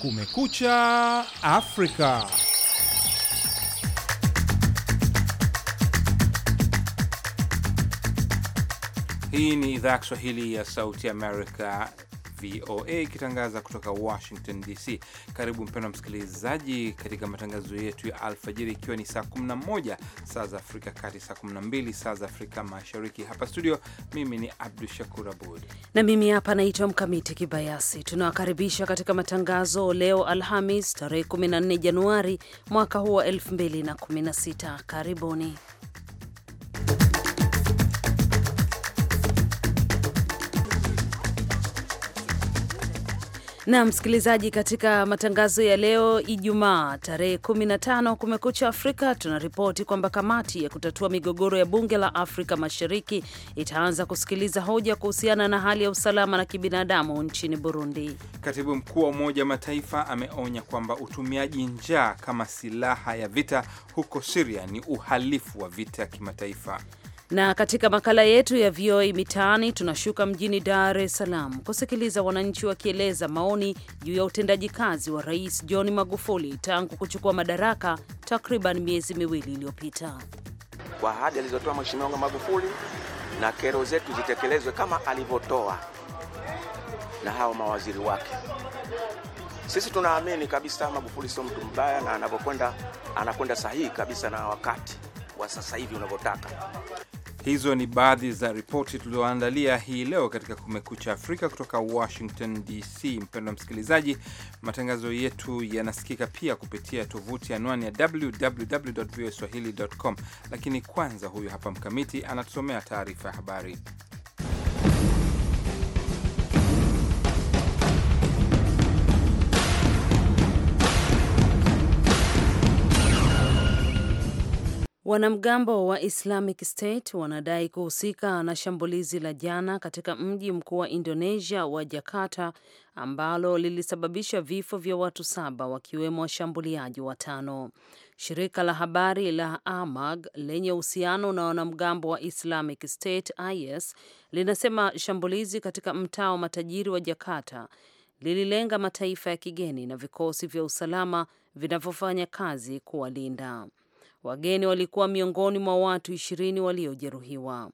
Kumekucha Afrika. Hii ni idhaa ya Kiswahili ya Sauti Amerika VOA ikitangaza kutoka Washington DC. Karibu mpendwa msikilizaji, katika matangazo yetu ya alfajiri, ikiwa ni saa 11 saa za Afrika Kati, saa 12 saa za Afrika Mashariki. Hapa studio, mimi ni Abdu Shakur Abud na mimi hapa naitwa Mkamiti Kibayasi. Tunawakaribisha katika matangazo leo Alhamis tarehe 14 Januari mwaka huu wa 2016. Karibuni. na msikilizaji, katika matangazo ya leo Ijumaa tarehe 15 Kumekucha Afrika, tunaripoti kwamba kamati ya kutatua migogoro ya bunge la Afrika Mashariki itaanza kusikiliza hoja kuhusiana na hali ya usalama na kibinadamu nchini Burundi. Katibu mkuu wa Umoja wa Mataifa ameonya kwamba utumiaji njaa kama silaha ya vita huko Siria ni uhalifu wa vita ya kimataifa. Na katika makala yetu ya VOA Mitaani tunashuka mjini Dar es Salaam kusikiliza wananchi wakieleza maoni juu ya utendaji kazi wa Rais John Magufuli tangu kuchukua madaraka takriban miezi miwili iliyopita. Kwa ahadi alizotoa Mheshimiwa Magufuli na kero zetu zitekelezwe kama alivyotoa na hao mawaziri wake. Sisi tunaamini kabisa Magufuli sio mtu mbaya, na anavyokwenda anakwenda sahihi kabisa na wakati wa sasa hivi unavyotaka. Hizo ni baadhi za ripoti tulioandalia hii leo katika Kumekucha Afrika kutoka Washington DC. Mpendwa msikilizaji, matangazo yetu yanasikika pia kupitia tovuti anwani ya www voa swahili com, lakini kwanza, huyu hapa Mkamiti anatusomea taarifa ya habari. Wanamgambo wa Islamic State wanadai kuhusika na shambulizi la jana katika mji mkuu wa Indonesia wa Jakarta ambalo lilisababisha vifo vya watu saba wakiwemo washambuliaji watano. Shirika la habari la Amag lenye uhusiano na wanamgambo wa Islamic State IS linasema shambulizi katika mtaa wa matajiri wa Jakarta lililenga mataifa ya kigeni na vikosi vya usalama vinavyofanya kazi kuwalinda. Wageni walikuwa miongoni mwa watu ishirini waliojeruhiwa.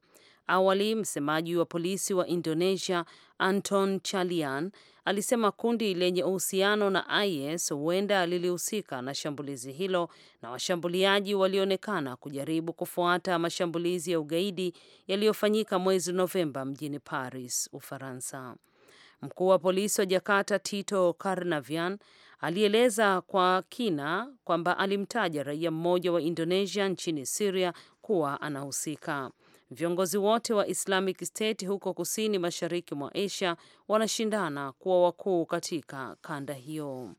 Awali, msemaji wa polisi wa Indonesia Anton Chalian alisema kundi lenye uhusiano na IS huenda lilihusika na shambulizi hilo na washambuliaji walionekana kujaribu kufuata mashambulizi ya ugaidi yaliyofanyika mwezi Novemba mjini Paris, Ufaransa. Mkuu wa polisi wa Jakarta Tito Karnavian alieleza kwa kina kwamba alimtaja raia mmoja wa Indonesia nchini Syria kuwa anahusika. Viongozi wote wa Islamic State huko kusini mashariki mwa Asia wanashindana kuwa wakuu katika kanda hiyo.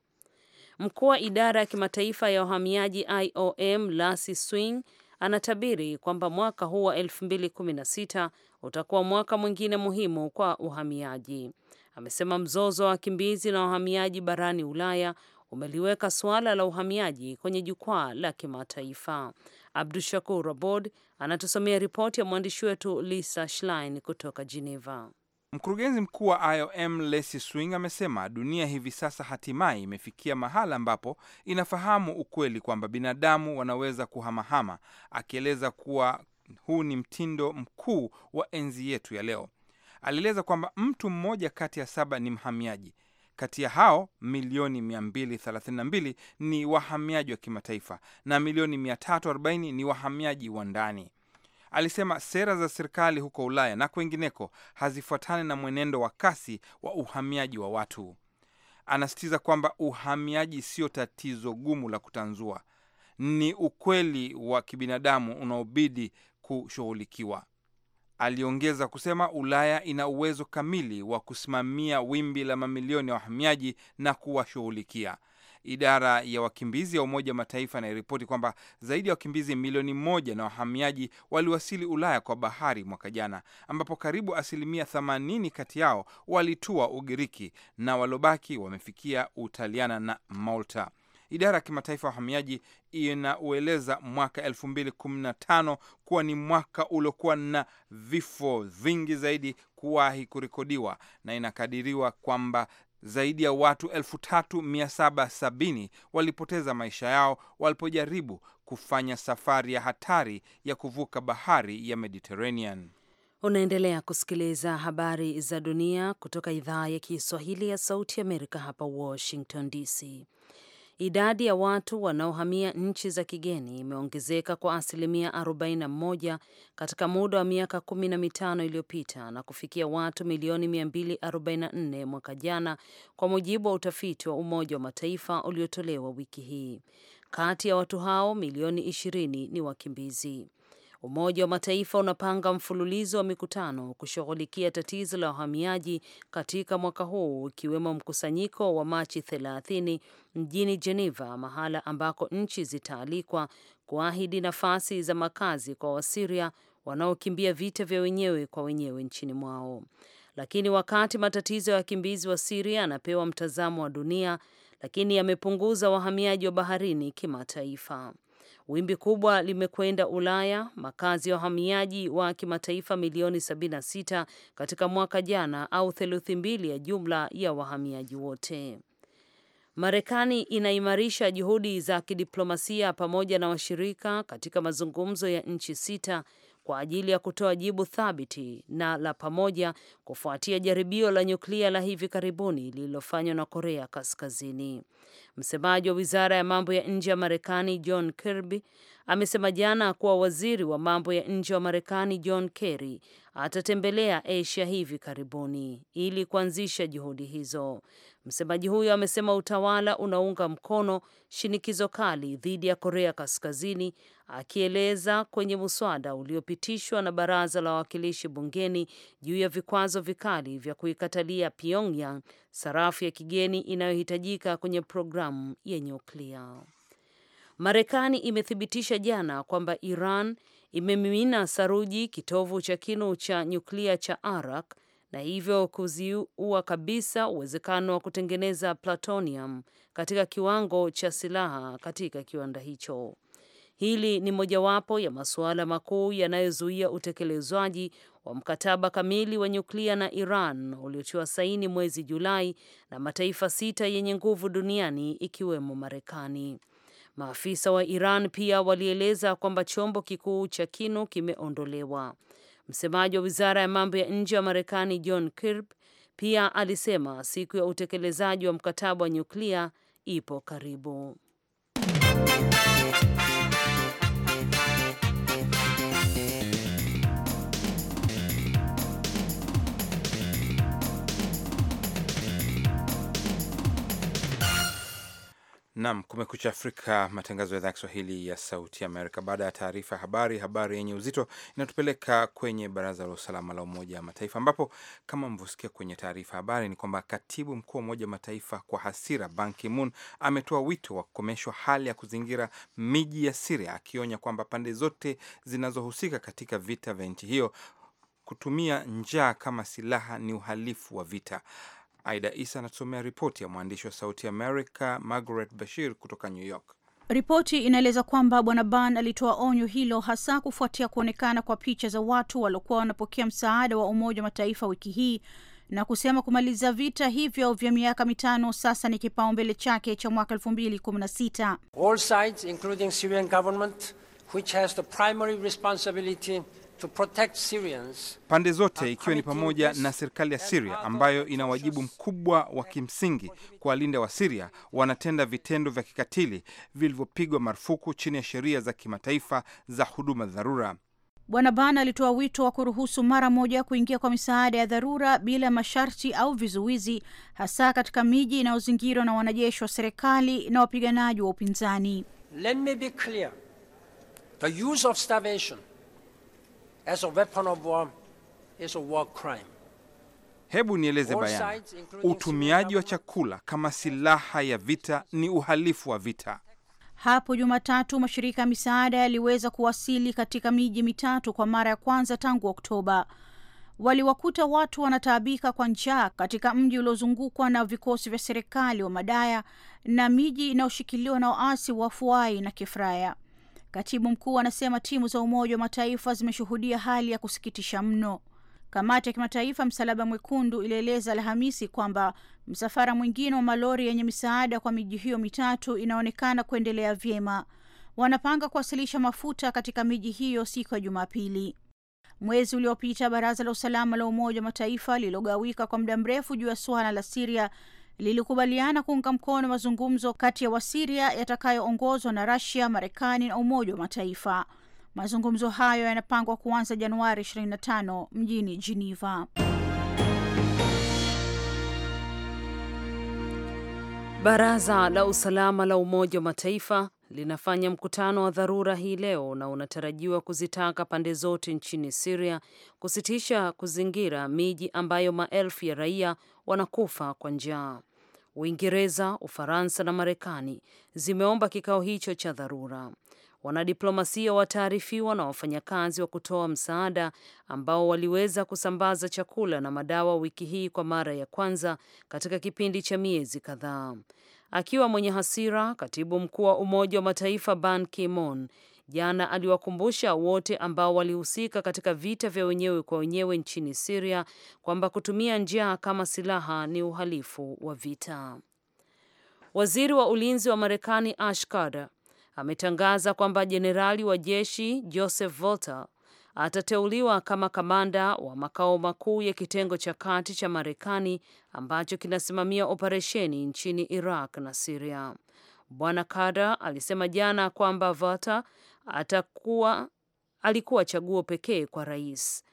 Mkuu wa idara ya kimataifa ya wahamiaji IOM Lasi Swing anatabiri kwamba mwaka huu wa 2016 utakuwa mwaka mwingine muhimu kwa uhamiaji amesema mzozo wa wakimbizi na wahamiaji barani Ulaya umeliweka suala la uhamiaji kwenye jukwaa la kimataifa. Abdu Shakur Abod anatusomea ripoti ya mwandishi wetu Lisa Schlein kutoka Geneva. Mkurugenzi mkuu wa IOM Lesi Swing amesema dunia hivi sasa hatimaye imefikia mahala ambapo inafahamu ukweli kwamba binadamu wanaweza kuhamahama, akieleza kuwa huu ni mtindo mkuu wa enzi yetu ya leo alieleza kwamba mtu mmoja kati ya saba ni mhamiaji. Kati ya hao milioni 232 ni wahamiaji wa kimataifa na milioni 340 ni wahamiaji wa ndani. Alisema sera za serikali huko Ulaya na kwengineko hazifuatani na mwenendo wa kasi wa uhamiaji wa watu. Anasisitiza kwamba uhamiaji sio tatizo gumu la kutanzua, ni ukweli wa kibinadamu unaobidi kushughulikiwa. Aliongeza kusema Ulaya ina uwezo kamili wa kusimamia wimbi la mamilioni ya wahamiaji na kuwashughulikia. Idara ya wakimbizi ya Umoja wa Mataifa inaripoti kwamba zaidi ya wakimbizi milioni moja na wahamiaji waliwasili Ulaya kwa bahari mwaka jana, ambapo karibu asilimia 80 kati yao walitua Ugiriki na walobaki wamefikia Utaliana na Malta. Idara ya kimataifa ya wahamiaji inaueleza mwaka 2015 kuwa ni mwaka uliokuwa na vifo vingi zaidi kuwahi kurekodiwa na inakadiriwa kwamba zaidi ya watu 3770 walipoteza maisha yao walipojaribu kufanya safari ya hatari ya kuvuka bahari ya Mediterranean. Unaendelea kusikiliza habari za dunia kutoka idhaa ya Kiswahili ya Sauti Amerika hapa Washington DC. Idadi ya watu wanaohamia nchi za kigeni imeongezeka kwa asilimia 41 katika muda wa miaka 15 iliyopita na kufikia watu milioni 244 mwaka jana, kwa mujibu wa utafiti wa Umoja wa Mataifa uliotolewa wiki hii. Kati ya watu hao milioni 20 ni wakimbizi. Umoja wa Mataifa unapanga mfululizo wa mikutano kushughulikia tatizo la wahamiaji katika mwaka huu, ikiwemo mkusanyiko wa Machi 30 mjini Geneva, mahala ambako nchi zitaalikwa kuahidi nafasi za makazi kwa Wasiria wanaokimbia vita vya wenyewe kwa wenyewe nchini mwao. Lakini wakati matatizo ya wakimbizi wa Siria yanapewa mtazamo wa dunia, lakini yamepunguza wahamiaji wa baharini kimataifa. Wimbi kubwa limekwenda Ulaya, makazi ya wahamiaji wa kimataifa milioni 76 katika mwaka jana, au theluthi mbili ya jumla ya wahamiaji wote. Marekani inaimarisha juhudi za kidiplomasia pamoja na washirika katika mazungumzo ya nchi sita kwa ajili ya kutoa jibu thabiti na la pamoja kufuatia jaribio la nyuklia la hivi karibuni lililofanywa na Korea Kaskazini. Msemaji wa wizara ya mambo ya nje ya Marekani John Kirby amesema jana kuwa waziri wa mambo ya nje wa Marekani John Kerry atatembelea Asia hivi karibuni ili kuanzisha juhudi hizo. Msemaji huyo amesema utawala unaunga mkono shinikizo kali dhidi ya Korea Kaskazini, akieleza kwenye muswada uliopitishwa na baraza la wawakilishi bungeni juu ya vikwazo vikali vya kuikatalia Pyongyang sarafu ya kigeni inayohitajika kwenye pro programu ya nyuklia. Marekani imethibitisha jana kwamba Iran imemimina saruji kitovu cha kinu cha nyuklia cha Arak na hivyo kuziua kabisa uwezekano wa kutengeneza plutonium katika kiwango cha silaha katika kiwanda hicho. Hili ni mojawapo ya masuala makuu yanayozuia utekelezwaji wa mkataba kamili wa nyuklia na Iran uliotiwa saini mwezi Julai na mataifa sita yenye nguvu duniani ikiwemo Marekani. Maafisa wa Iran pia walieleza kwamba chombo kikuu cha kinu kimeondolewa. Msemaji wa wizara ya mambo ya nje ya Marekani John Kirby pia alisema siku ya utekelezaji wa mkataba wa nyuklia ipo karibu. Nam Kumekucha Afrika, matangazo ya idhaa ya Kiswahili ya Sauti Amerika. Baada ya taarifa ya habari, habari yenye uzito inatupeleka kwenye Baraza la Usalama la Umoja wa Mataifa, ambapo kama mvyosikia kwenye taarifa habari ni kwamba katibu mkuu wa Umoja wa Mataifa kwa hasira, Ban Ki-moon ametoa wito wa kukomeshwa hali ya kuzingira miji ya Siria, akionya kwamba pande zote zinazohusika katika vita vya nchi hiyo kutumia njaa kama silaha ni uhalifu wa vita. Aida Isa anatusomea ripoti ya mwandishi wa Sauti Amerika Margaret Bashir kutoka New York. Ripoti inaeleza kwamba bwana Ban alitoa onyo hilo hasa kufuatia kuonekana kwa picha za watu waliokuwa wanapokea msaada wa Umoja wa Mataifa wiki hii na kusema kumaliza vita hivyo vya miaka mitano sasa ni kipaumbele chake cha mwaka 2016. All sides including Syrian government which has the primary responsibility pande zote ikiwa ni pamoja na serikali ya Syria ambayo ina wajibu mkubwa wa kimsingi kuwalinda siria wanatenda vitendo vya kikatili vilivyopigwa marufuku chini ya sheria za kimataifa za huduma dharura. Bwana Ban alitoa wito wa kuruhusu mara moja kuingia kwa misaada ya dharura bila masharti au vizuizi, hasa katika miji inayozingirwa na wanajeshi wa serikali na wapiganaji wa upinzani. Let me be clear. The use of starvation As a weapon of war is a war crime. Hebu nieleze bayana, utumiaji wa chakula kama silaha ya vita ni uhalifu wa vita. Hapo Jumatatu, mashirika ya misaada yaliweza kuwasili katika miji mitatu kwa mara ya kwanza tangu Oktoba. Waliwakuta watu wanataabika kwa njaa katika mji uliozungukwa na vikosi vya serikali wa Madaya na miji inayoshikiliwa na waasi wa Fuai na Kifraya. Katibu mkuu anasema timu za Umoja wa Mataifa zimeshuhudia hali ya kusikitisha mno. Kamati ya kimataifa Msalaba Mwekundu ilieleza Alhamisi kwamba msafara mwingine wa malori yenye misaada kwa miji hiyo mitatu inaonekana kuendelea vyema. Wanapanga kuwasilisha mafuta katika miji hiyo siku ya Jumapili. Mwezi uliopita baraza la usalama la Umoja wa Mataifa lililogawika kwa muda mrefu juu ya suala la Siria lilikubaliana kuunga mkono mazungumzo kati ya Wasiria yatakayoongozwa na Rasia, Marekani na Umoja wa Mataifa. Mazungumzo hayo yanapangwa kuanza Januari 25 mjini Geneva. Baraza la Usalama la Umoja wa Mataifa linafanya mkutano wa dharura hii leo na unatarajiwa kuzitaka pande zote nchini siria kusitisha kuzingira miji ambayo maelfu ya raia wanakufa kwa njaa. Uingereza, Ufaransa na Marekani zimeomba kikao hicho cha dharura. Wanadiplomasia wataarifiwa na wafanyakazi wa kutoa msaada ambao waliweza kusambaza chakula na madawa wiki hii kwa mara ya kwanza katika kipindi cha miezi kadhaa. Akiwa mwenye hasira, katibu mkuu wa Umoja wa Mataifa Ban Ki-moon jana aliwakumbusha wote ambao walihusika katika vita vya wenyewe kwa wenyewe nchini Siria kwamba kutumia njaa kama silaha ni uhalifu wa vita. Waziri wa ulinzi wa Marekani Ash Carter ametangaza kwamba jenerali wa jeshi Joseph Volter atateuliwa kama kamanda wa makao makuu ya kitengo cha kati cha Marekani ambacho kinasimamia operesheni nchini Iraq na Siria. Bwana kada alisema jana kwamba Vata atakuwa alikuwa chaguo pekee kwa rais.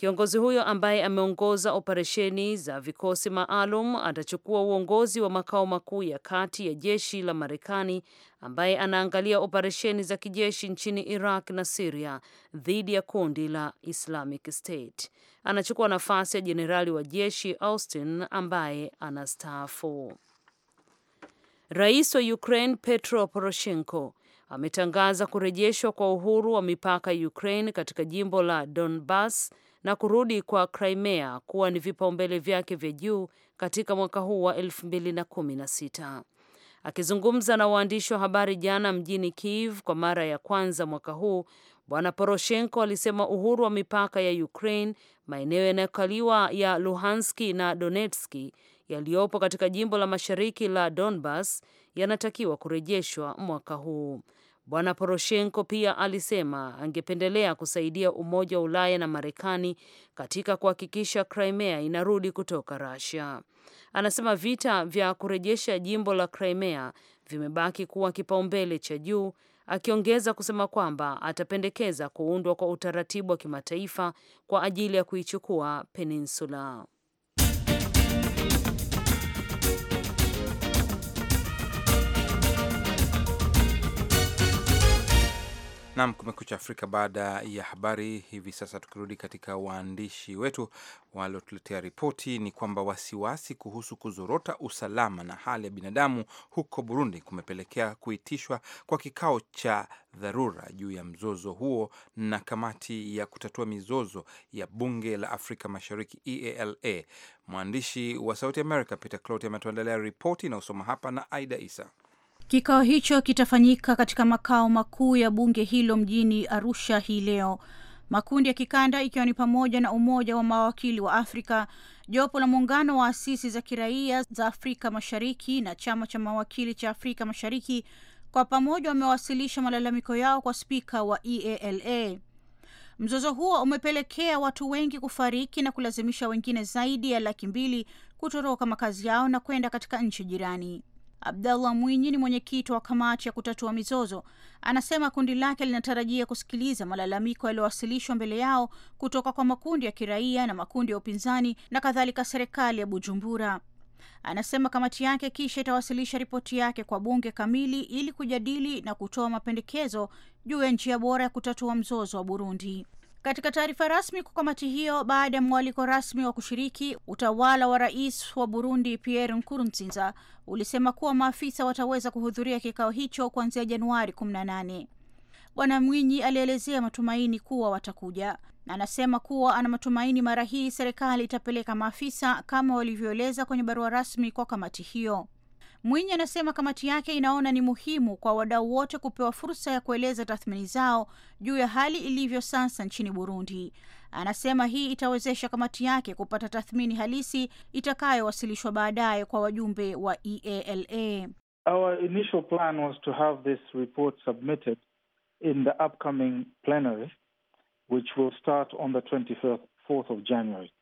Kiongozi huyo ambaye ameongoza operesheni za vikosi maalum atachukua uongozi wa makao makuu ya kati ya jeshi la Marekani ambaye anaangalia operesheni za kijeshi nchini Iraq na Siria dhidi ya kundi la Islamic State. Anachukua nafasi ya jenerali wa jeshi Austin ambaye anastaafu. Rais wa Ukraine Petro Poroshenko ametangaza kurejeshwa kwa uhuru wa mipaka ya Ukraine katika jimbo la Donbas na kurudi kwa Crimea kuwa ni vipaumbele vyake vya juu katika mwaka huu wa 2016. Akizungumza na waandishi wa habari jana mjini Kiev kwa mara ya kwanza mwaka huu, Bwana Poroshenko alisema uhuru wa mipaka ya Ukraine, maeneo yanayokaliwa ya Luhanski na Donetski yaliyopo katika jimbo la mashariki la Donbas yanatakiwa kurejeshwa mwaka huu. Bwana Poroshenko pia alisema angependelea kusaidia Umoja wa Ulaya na Marekani katika kuhakikisha Crimea inarudi kutoka Russia. Anasema vita vya kurejesha jimbo la Crimea vimebaki kuwa kipaumbele cha juu, akiongeza kusema kwamba atapendekeza kuundwa kwa utaratibu wa kimataifa kwa ajili ya kuichukua peninsula. Nam kumekucha Afrika baada ya habari hivi sasa. Tukirudi katika waandishi wetu waliotuletea ripoti, ni kwamba wasiwasi kuhusu kuzorota usalama na hali ya binadamu huko Burundi kumepelekea kuitishwa kwa kikao cha dharura juu ya mzozo huo na kamati ya kutatua mizozo ya bunge la Afrika Mashariki EALA. Mwandishi wa Sauti America Peter Clot ametuandalia ripoti inayosoma hapa na Aida Isa. Kikao hicho kitafanyika katika makao makuu ya bunge hilo mjini Arusha hii leo. Makundi ya kikanda ikiwa ni pamoja na Umoja wa Mawakili wa Afrika, jopo la muungano wa asisi za kiraia za Afrika Mashariki na chama cha mawakili cha Afrika Mashariki kwa pamoja wamewasilisha malalamiko yao kwa spika wa EALA. Mzozo huo umepelekea watu wengi kufariki na kulazimisha wengine zaidi ya laki mbili kutoroka makazi yao na kwenda katika nchi jirani. Abdallah Mwinyi ni mwenyekiti wa kamati ya kutatua mizozo, anasema kundi lake linatarajia kusikiliza malalamiko yaliyowasilishwa mbele yao kutoka kwa makundi ya kiraia na makundi ya upinzani na kadhalika serikali ya Bujumbura. Anasema kamati yake kisha itawasilisha ripoti yake kwa bunge kamili ili kujadili na kutoa mapendekezo juu ya njia bora ya kutatua mzozo wa Burundi. Katika taarifa rasmi kwa kamati hiyo, baada ya mwaliko rasmi wa kushiriki, utawala wa rais wa Burundi Pierre Nkurunziza ulisema kuwa maafisa wataweza kuhudhuria kikao hicho kuanzia Januari 18. Bwana Mwinyi alielezea matumaini kuwa watakuja na anasema kuwa ana matumaini mara hii serikali itapeleka maafisa kama walivyoeleza kwenye barua rasmi kwa kamati hiyo. Mwinyi anasema kamati yake inaona ni muhimu kwa wadau wote kupewa fursa ya kueleza tathmini zao juu ya hali ilivyo sasa nchini Burundi. Anasema hii itawezesha kamati yake kupata tathmini halisi itakayowasilishwa baadaye kwa wajumbe wa EALA. Our initial plan was to have this report submitted in the upcoming plenary which will start on the 24th of January.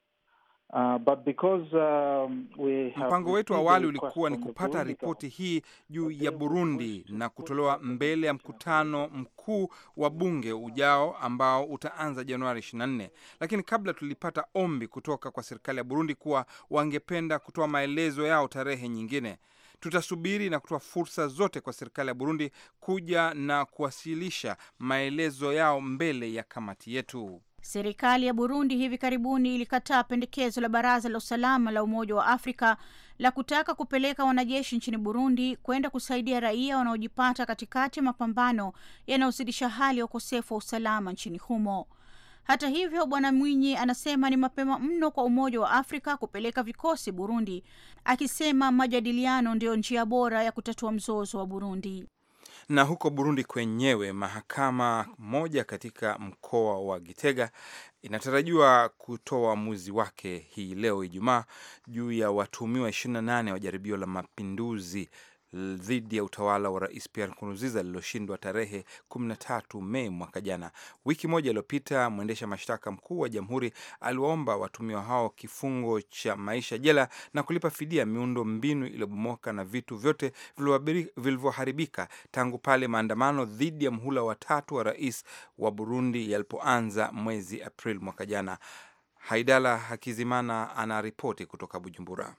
Uh, but because, um, we have mpango wetu awali ulikuwa ni kupata ripoti hii juu ya Burundi na kutolewa mbele ya mkutano mkuu wa bunge ujao ambao utaanza Januari 24, lakini kabla tulipata ombi kutoka kwa serikali ya Burundi kuwa wangependa kutoa maelezo yao tarehe nyingine. Tutasubiri na kutoa fursa zote kwa serikali ya Burundi kuja na kuwasilisha maelezo yao mbele ya kamati yetu. Serikali ya Burundi hivi karibuni ilikataa pendekezo la Baraza la Usalama la Umoja wa Afrika la kutaka kupeleka wanajeshi nchini Burundi kwenda kusaidia raia wanaojipata katikati ya mapambano yanayozidisha hali ya ukosefu wa usalama nchini humo. Hata hivyo, Bwana Mwinyi anasema ni mapema mno kwa Umoja wa Afrika kupeleka vikosi Burundi, akisema majadiliano ndiyo njia bora ya kutatua mzozo wa Burundi. Na huko Burundi kwenyewe, mahakama moja katika mkoa wa Gitega inatarajiwa kutoa uamuzi wake hii leo Ijumaa juu ya watuhumiwa 28 wa jaribio la mapinduzi dhidi ya utawala wa Rais Pierre Nkurunziza lililoshindwa tarehe 13 Mei mwaka jana. Wiki moja iliyopita, mwendesha mashtaka mkuu wa jamhuri aliwaomba watumiwa hao kifungo cha maisha jela na kulipa fidia miundo mbinu iliyobomoka na vitu vyote vilivyoharibika tangu pale maandamano dhidi ya mhula watatu wa rais wa Burundi yalipoanza mwezi Aprili mwaka jana. Haidala Hakizimana anaripoti kutoka Bujumbura.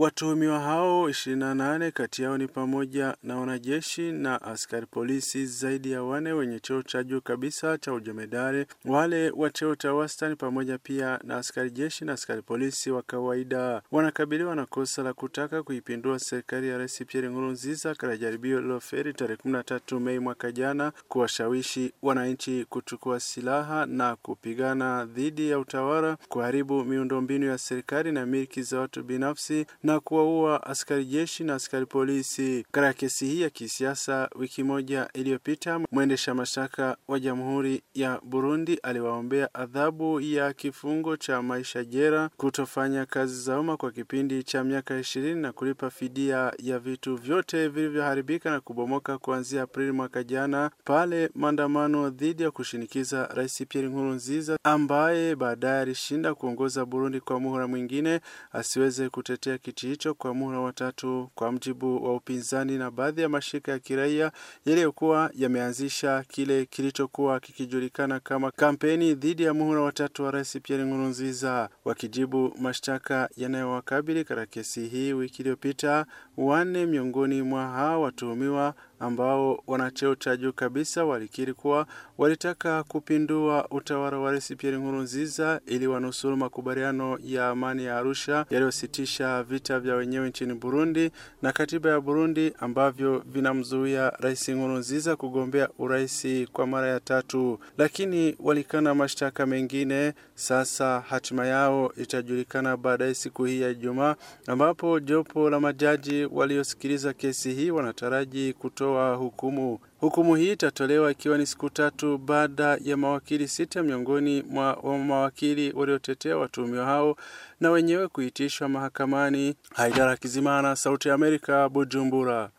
Watuhumiwa hao 28 kati yao ni pamoja na wanajeshi na askari polisi zaidi ya wane wenye cheo cha juu kabisa cha ujemedari, wale wa cheo cha wastani, pamoja pia na askari jeshi na askari polisi wa kawaida. Wanakabiliwa na kosa la kutaka kuipindua serikali ya Rais Pierre Nkurunziza katika jaribio liloferi tarehe 13 Mei mwaka jana, kuwashawishi wananchi kuchukua silaha na kupigana dhidi ya utawala, kuharibu miundombinu ya serikali na miliki za watu binafsi na na kuwaua askari jeshi na askari polisi. Katika kesi hii ya kisiasa, wiki moja iliyopita, mwendesha mashtaka wa Jamhuri ya Burundi aliwaombea adhabu ya kifungo cha maisha jera, kutofanya kazi za umma kwa kipindi cha miaka ishirini na kulipa fidia ya vitu vyote vilivyoharibika na kubomoka kuanzia Aprili mwaka jana, pale maandamano dhidi ya kushinikiza Rais Pierre Nkurunziza ambaye baadaye alishinda kuongoza Burundi kwa muhula mwingine asiweze kutetea kiti hicho kwa muhula wa tatu kwa mjibu wa upinzani na baadhi ya mashirika ya kiraia yaliyokuwa yameanzisha kile kilichokuwa kikijulikana kama kampeni dhidi ya muhula wa tatu wa Rais Pierre Nkurunziza, wakijibu mashtaka yanayowakabili katika kesi hii. Wiki iliyopita, wanne miongoni mwa hao watuhumiwa ambao wana cheo cha juu kabisa walikiri kuwa walitaka kupindua utawala wa Rais Pierre Nkurunziza ili wanusuru makubaliano ya amani ya Arusha yaliyositisha vita vya wenyewe nchini Burundi na katiba ya Burundi ambavyo vinamzuia Rais Nkurunziza kugombea urais kwa mara ya tatu, lakini walikana mashtaka mengine. Sasa hatima yao itajulikana baadaye siku hii ya Ijumaa, ambapo jopo la majaji waliosikiliza kesi hii wanataraji kutoa kutoa hukumu. Hukumu hii itatolewa ikiwa ni siku tatu baada ya mawakili sita miongoni mwa mawakili waliotetea watuhumiwa hao na wenyewe kuitishwa mahakamani. Haidara Kizimana, Sauti ya Amerika, Bujumbura.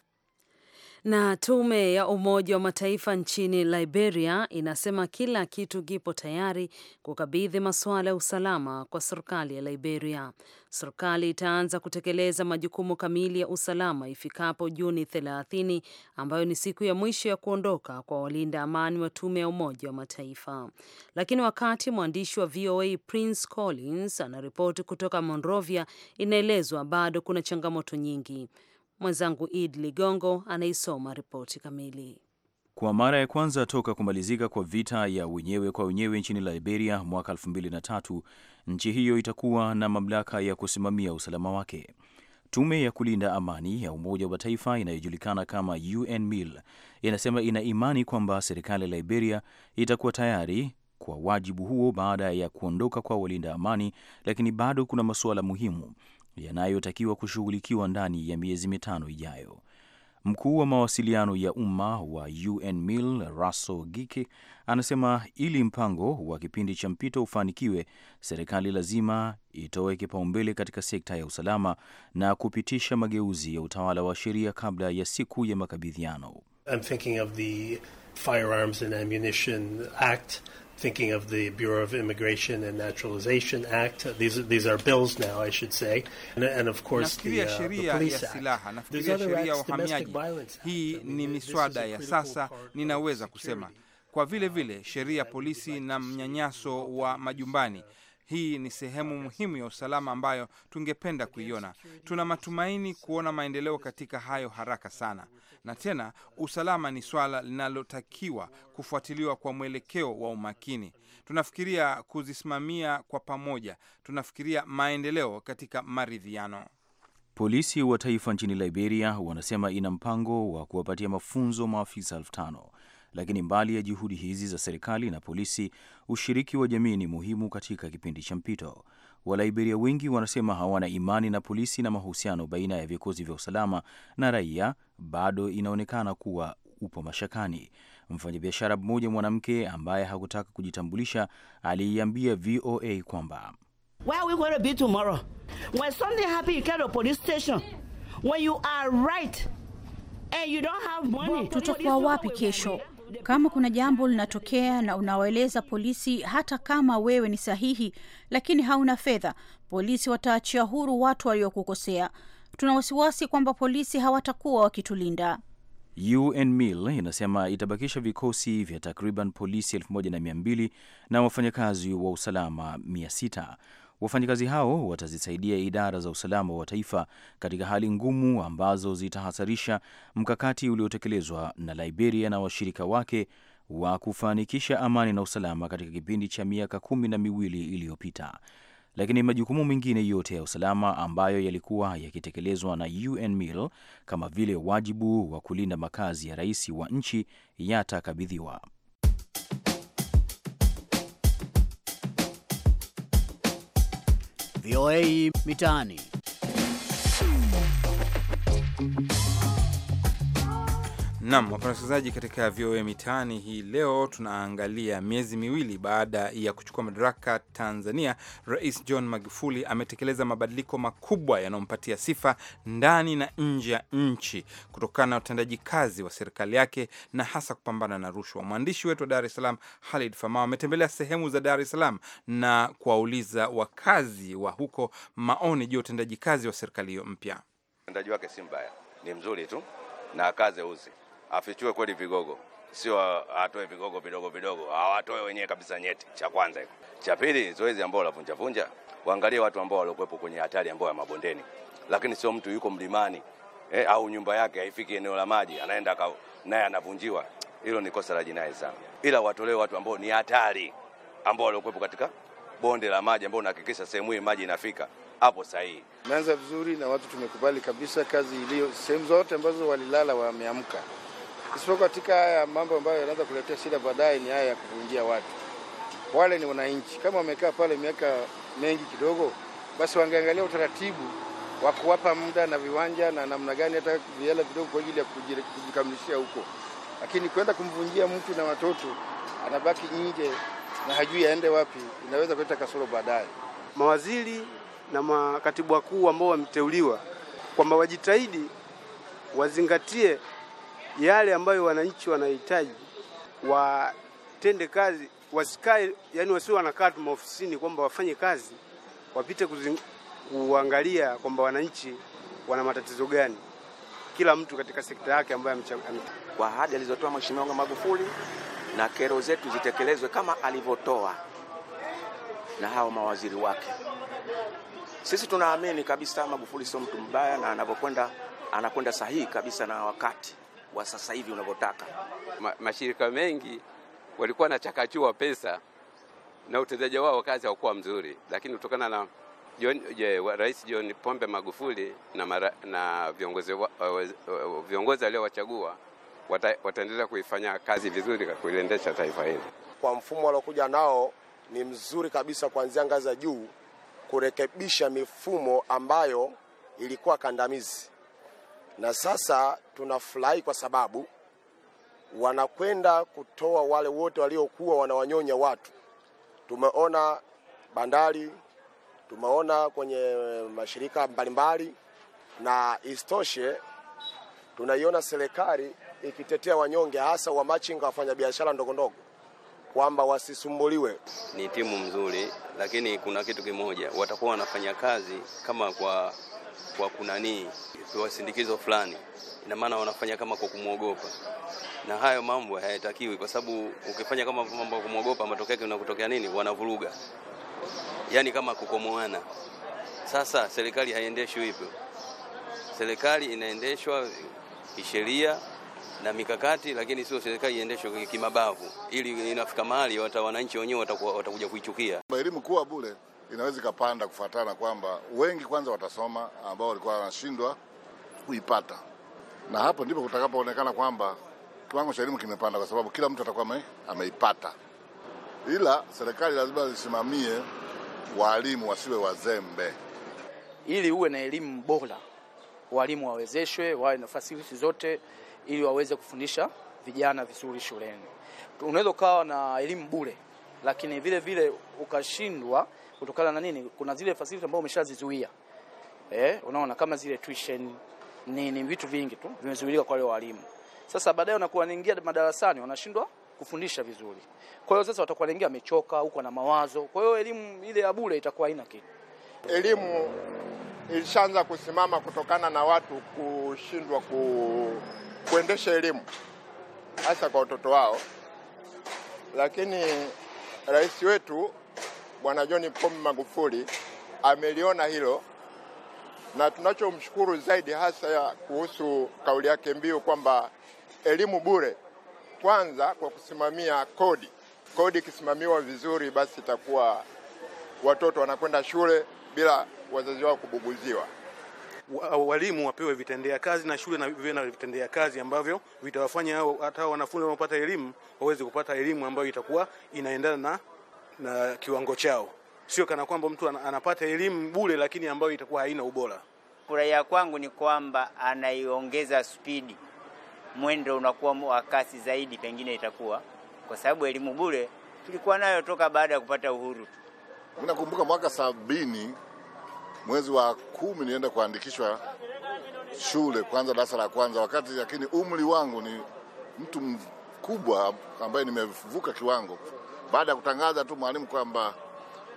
Na tume ya Umoja wa Mataifa nchini Liberia inasema kila kitu kipo tayari kukabidhi masuala ya usalama kwa serikali ya Liberia. Serikali itaanza kutekeleza majukumu kamili ya usalama ifikapo Juni 30 ambayo ni siku ya mwisho ya kuondoka kwa walinda amani wa tume ya Umoja wa Mataifa. Lakini wakati mwandishi wa VOA Prince Collins anaripoti kutoka Monrovia, inaelezwa bado kuna changamoto nyingi. Mwenzangu Id Ligongo anaisoma ripoti kamili. Kwa mara ya kwanza toka kumalizika kwa vita ya wenyewe kwa wenyewe nchini Liberia mwaka 2003, nchi hiyo itakuwa na mamlaka ya kusimamia usalama wake. Tume ya kulinda amani ya Umoja wa Mataifa inayojulikana kama UNMIL inasema ina imani kwamba serikali ya Liberia itakuwa tayari kwa wajibu huo baada ya kuondoka kwa walinda amani, lakini bado kuna masuala muhimu yanayotakiwa kushughulikiwa ndani ya miezi mitano ijayo. Mkuu wa mawasiliano ya umma wa UNMIL Raso Gike anasema ili mpango wa kipindi cha mpito ufanikiwe, serikali lazima itoe kipaumbele katika sekta ya usalama na kupitisha mageuzi ya utawala wa sheria kabla ya siku ya makabidhiano. I'm thinking of the Firearms and Ammunition Act thinking of the Bureau of Immigration and Naturalization Act. These are, these are bills now, I should say, and, and of course the, uh, the police act. There's other acts, domestic violence act. I mean, ni miswada ya sasa ninaweza kusema kwa vile vile sheria polisi na mnyanyaso wa majumbani hii ni sehemu muhimu ya usalama ambayo tungependa kuiona. Tuna matumaini kuona maendeleo katika hayo haraka sana. Na tena, usalama ni swala linalotakiwa kufuatiliwa kwa mwelekeo wa umakini. Tunafikiria kuzisimamia kwa pamoja, tunafikiria maendeleo katika maridhiano. Polisi wa taifa nchini Liberia wanasema ina mpango wa kuwapatia mafunzo maafisa elfu tano lakini mbali ya juhudi hizi za serikali na polisi, ushiriki wa jamii ni muhimu katika kipindi cha mpito. waliberia wengi wanasema hawana imani na polisi na mahusiano baina ya vikosi vya usalama na raia bado inaonekana kuwa upo mashakani. Mfanyabiashara mmoja mwanamke ambaye hakutaka kujitambulisha aliiambia VOA kwamba tutakuwa wapi kesho kama kuna jambo linatokea na unawaeleza polisi, hata kama wewe ni sahihi, lakini hauna fedha, polisi wataachia huru watu waliokukosea. Tuna wasiwasi kwamba polisi hawatakuwa wakitulinda. UNMIL inasema itabakisha vikosi vya takriban polisi 1200 na wafanyakazi wa usalama 600 Wafanyakazi hao watazisaidia idara za usalama wa taifa katika hali ngumu ambazo zitahatarisha mkakati uliotekelezwa na Liberia na washirika wake wa kufanikisha amani na usalama katika kipindi cha miaka kumi na miwili iliyopita. Lakini majukumu mengine yote ya usalama ambayo yalikuwa yakitekelezwa na UNMIL kama vile wajibu wa kulinda makazi ya rais wa nchi yatakabidhiwa. VOA Mitaani. Naam, wapenda wasikilizaji, katika VOA e Mitaani hii leo tunaangalia, miezi miwili baada ya kuchukua madaraka Tanzania, Rais John Magufuli ametekeleza mabadiliko makubwa yanayompatia sifa ndani na nje ya nchi kutokana na utendaji kazi wa serikali yake na hasa kupambana na rushwa. Mwandishi wetu wa Dar es Salaam Halid Famao ametembelea sehemu za Dar es Salaam na kuwauliza wakazi wa huko maoni juu ya utendaji kazi wa serikali hiyo mpya. Utendaji wake si mbaya, ni mzuri tu na kazi uzi afichue kweli vigogo, sio atoe vigogo vidogo vidogo, awatoe wenyewe kabisa nyeti. Cha kwanza hiko. Cha pili, zoezi ambao la vunja vunja, waangalie watu ambao waliokuwepo kwenye hatari ambao ya mabondeni, lakini sio mtu yuko mlimani eh, au nyumba yake haifiki eneo la maji, anaenda naye anavunjiwa. Hilo ni kosa la jinai sana, ila watolewe watu ambao ni hatari, ambao waliokuwepo katika bonde la maji, ambao unahakikisha sehemu hii maji inafika hapo sahihi. Imeanza vizuri na watu tumekubali kabisa, kazi iliyo sehemu zote ambazo walilala wameamka isipokuwa katika haya mambo ambayo yanaweza kuletea shida baadaye ni haya ya kuvunjia watu. Wale ni wananchi, kama wamekaa pale miaka mengi kidogo, basi wangeangalia utaratibu wa kuwapa muda na viwanja na namna gani, hata vihela vidogo kwa ajili ya kujikamilishia huko. Lakini kwenda kumvunjia mtu na watoto, anabaki nje na hajui aende wapi, inaweza kuleta kasoro baadaye. Mawaziri na makatibu wakuu ambao wameteuliwa, kwamba wajitahidi wazingatie yale ambayo wananchi wanahitaji, watende kazi, wasikae, yani wasiwe wanakaa tu maofisini, kwamba wafanye kazi, wapite kuangalia kwamba wananchi wana matatizo gani, kila mtu katika sekta yake ambayo kwa ahadi alizotoa Mheshimiwa Magufuli, na kero zetu zitekelezwe kama alivyotoa na hao mawaziri wake. Sisi tunaamini kabisa Magufuli sio mtu mbaya, na anapokwenda anakwenda sahihi kabisa na wakati wa sasa hivi unavyotaka. Ma, mashirika mengi walikuwa na pesa na utendaji wao kazi haukuwa mzuri, lakini kutokana na John, je, Rais John Pombe Magufuli na, mara, na viongozi viongozi waliowachagua wata, wataendelea kuifanya kazi vizuri kwa kuliendesha taifa hili. Kwa mfumo waliokuja nao ni mzuri kabisa, kuanzia ngazi za juu kurekebisha mifumo ambayo ilikuwa kandamizi na sasa tunafurahi kwa sababu wanakwenda kutoa wale wote waliokuwa wanawanyonya watu. Tumeona bandari, tumeona kwenye mashirika mbalimbali, na istoshe tunaiona serikali ikitetea wanyonge, hasa wamachinga, wafanyabiashara ndogo ndogo kwamba wasisumbuliwe. Ni timu mzuri, lakini kuna kitu kimoja, watakuwa wanafanya kazi kama kwa kwa kunanii wasindikizo sindikizo fulani, ina maana wanafanya kama kwa kumwogopa, na hayo mambo hayatakiwi, kwa sababu ukifanya kama mambo ya kumwogopa, matokeo yake unakutokea nini? Wanavuruga, yani kama kukomoana. Sasa serikali haiendeshwi hivyo. Serikali inaendeshwa kisheria na mikakati, lakini sio serikali iendeshwe kimabavu, ili inafika mahali hata wananchi wenyewe watakuja kuichukia. Elimu kuwa bure inaweza ikapanda kufuatana kwamba wengi kwanza watasoma ambao walikuwa wanashindwa kuipata, na hapo ndipo kutakapoonekana kwamba kiwango cha elimu kimepanda, kwa sababu kila mtu atakuwa ameipata. Ila serikali lazima zisimamie waalimu wasiwe wazembe, ili uwe na elimu bora. Walimu wawezeshwe, wawe na fasilisi zote, ili waweze kufundisha vijana vizuri shuleni. Unaweza ukawa na elimu bure, lakini vile vile ukashindwa kutokana na nini, kuna zile facility ambazo umeshazizuia eh, unaona kama zile tuition nini, vitu vingi tu vimezuilika kwa wale walimu. Sasa baadaye unakuwa naingia madarasani wanashindwa kufundisha vizuri, kwa hiyo sasa watakuwa naingia wamechoka huko na mawazo, kwa hiyo elimu ile ya bure itakuwa haina kitu. Elimu ilishaanza kusimama kutokana na watu kushindwa ku, kuendesha elimu hasa kwa watoto wao, lakini rais wetu Bwana John Pombe Magufuli ameliona hilo, na tunachomshukuru zaidi hasa ya kuhusu kauli yake mbiu kwamba elimu bure, kwanza kwa kusimamia kodi. Kodi ikisimamiwa vizuri, basi itakuwa watoto wanakwenda shule bila wazazi wao kubuguziwa. Walimu wapewe vitendea kazi na shule na viwe na vitendea kazi ambavyo vitawafanya hata wanafunzi wanaopata elimu waweze kupata elimu ambayo itakuwa inaendana na na kiwango chao, sio kana kwamba mtu anapata elimu bure, lakini ambayo itakuwa haina ubora. Furahia kwangu ni kwamba anaiongeza spidi, mwendo unakuwa wa kasi zaidi, pengine itakuwa kwa sababu elimu bure tulikuwa nayo toka baada ya kupata uhuru. Nakumbuka mwaka sabini mwezi wa kumi nienda kuandikishwa shule kwanza, darasa la kwanza wakati, lakini umri wangu ni mtu mkubwa ambaye nimevuka kiwango baada ya kutangaza tu mwalimu kwamba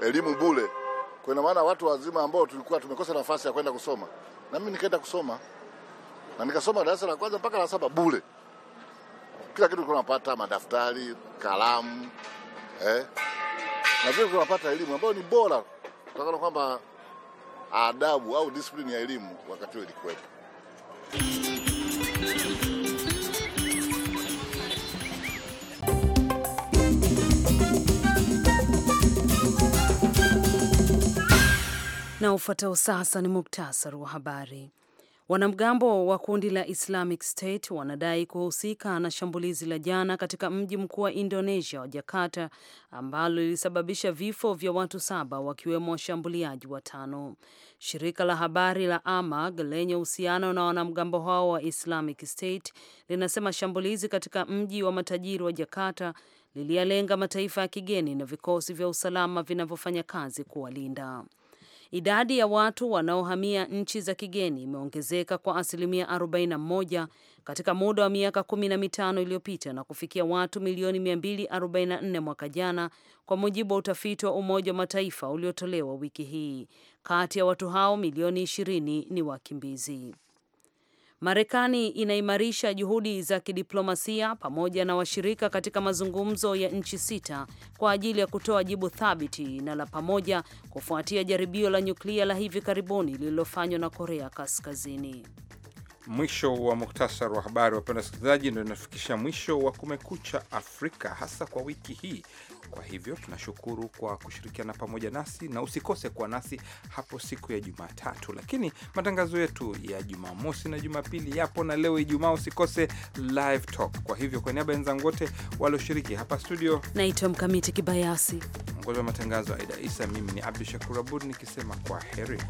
elimu bure, kwa ina maana watu wazima ambao tulikuwa tumekosa nafasi ya kwenda kusoma, na mimi nikaenda kusoma na nikasoma darasa la kwanza mpaka la saba bure. Kila kitu tunapata, madaftari, kalamu eh, na vile tunapata elimu ambayo ni bora, kutokana kwamba adabu au disiplini ya elimu wakati huo ilikuwepo. Na ufuatao sasa ni muktasari wa habari. Wanamgambo wa kundi la Islamic State wanadai kuhusika na shambulizi la jana katika mji mkuu wa Indonesia wa Jakarta ambalo lilisababisha vifo vya watu saba wakiwemo washambuliaji watano. Shirika la habari la Amag lenye uhusiano na wanamgambo hao wa Islamic State linasema shambulizi katika mji wa matajiri wa Jakarta liliyalenga mataifa ya kigeni na vikosi vya usalama vinavyofanya kazi kuwalinda. Idadi ya watu wanaohamia nchi za kigeni imeongezeka kwa asilimia 41 katika muda wa miaka kumi na mitano iliyopita na kufikia watu milioni 244 mwaka jana, kwa mujibu wa utafiti wa Umoja wa Mataifa uliotolewa wiki hii. Kati ya watu hao milioni 20 ni wakimbizi. Marekani inaimarisha juhudi za kidiplomasia pamoja na washirika katika mazungumzo ya nchi sita kwa ajili ya kutoa jibu thabiti na la pamoja kufuatia jaribio la nyuklia la hivi karibuni lililofanywa na Korea Kaskazini. Mwisho wa muktasar wa habari. Wapenda wasikilizaji, ndio inafikisha mwisho wa Kumekucha Afrika, hasa kwa wiki hii. Kwa hivyo tunashukuru kwa kushirikiana pamoja nasi, na usikose kuwa nasi hapo siku ya Jumatatu. Lakini matangazo yetu ya Jumamosi na Jumapili yapo, na leo Ijumaa usikose live talk. Kwa hivyo kwa niaba ya wenzangu wote walioshiriki hapa studio, naitwa Mkamiti Kibayasi, mwongozi wa matangazo Aida Isa, mimi ni Abdu Shakur Abud nikisema kwa heri.